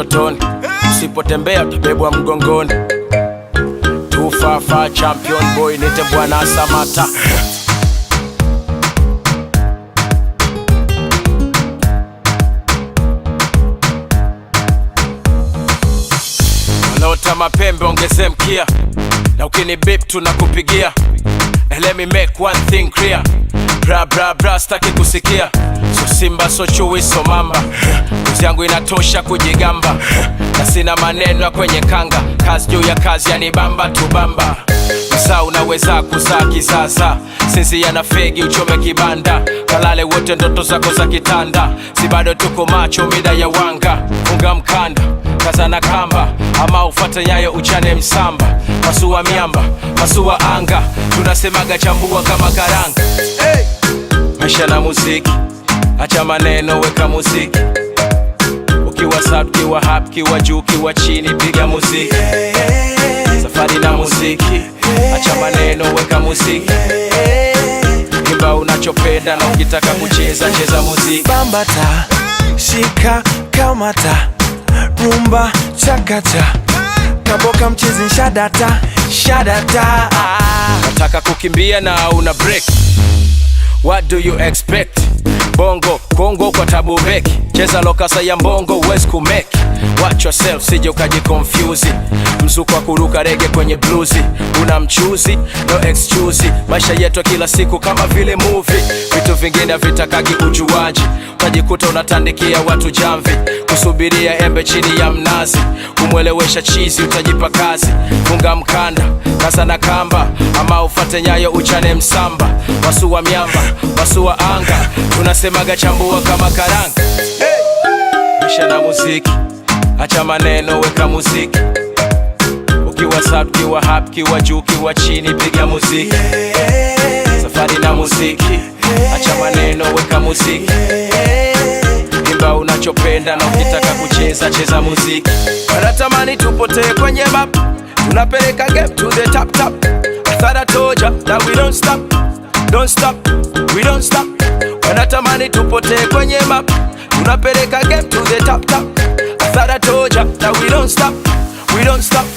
utotoni, usipotembea utabebwa mgongoni. Tufafa champion boy, nite Bwana Samata. lota mapembe ongeze mkia, na ukini bip tunakupigia. Let me make one thing clear, bra bra bra, staki kusikia Simba so chui so mamba, kuzi yangu inatosha kujigamba, na sina maneno ya kwenye kanga, kazi juu ya kazi yanibamba tubamba saa unaweza kuzaa kizaza, sinzia na fegi uchome kibanda, kalale wote ndoto zako za kitanda, si bado tuko macho mida ya wanga, funga mkanda kaza na kamba, ama ufata nyayo uchane msamba, masua miamba masua anga, tunasemaga chambua kama karanga, hey! maisha na muziki acha maneno, weka muziki. Ukiwa sad, ukiwa hap, kiwa juu, kiwa chini, piga muziki. Safari na muziki, acha maneno, weka muziki. Imba unachopenda na ukitaka kucheza, cheza muziki. Bambata, shika, kamata, rumba, chakacha, kaboka, mchezi, shadata, shadata. Nataka kukimbia na una break. What do you expect? bongo kongo kwa tabu beki cheza lokasa ya mbongo uwezi kumeki watch yourself sije ukaji confuse mzuko wa kuruka rege kwenye bluzi una mchuzi no excuse maisha yetu kila siku kama vile movie vitu vingine vitakaki ujuaji utajikuta unatandikia watu jamvi kusubiria embe chini ya mnazi kumwelewesha chizi utajipa kazi funga mkanda kasa na kamba, ama ufate nyayo uchane msamba, wasuwa miamba, wasuwa anga, tunasemaga chambua kama karanga. Hey! na muziki, acha maneno, weka muziki ukiwa sub kiwa hap kiwa juu kiwa chini, piga muziki yeah. Safari na muziki hacha Acha maneno weka muziki yeah. Imba unachopenda na ukitaka kucheza cheza muziki, wanatamani tupotee kwenye map tunapeleka game to the top top. I thought I told ya that we don't stop, don't stop, we don't stop. Wanatamani tupotee kwenye map, tunapeleka game to the top top. I thought I told ya that we don't stop, we don't stop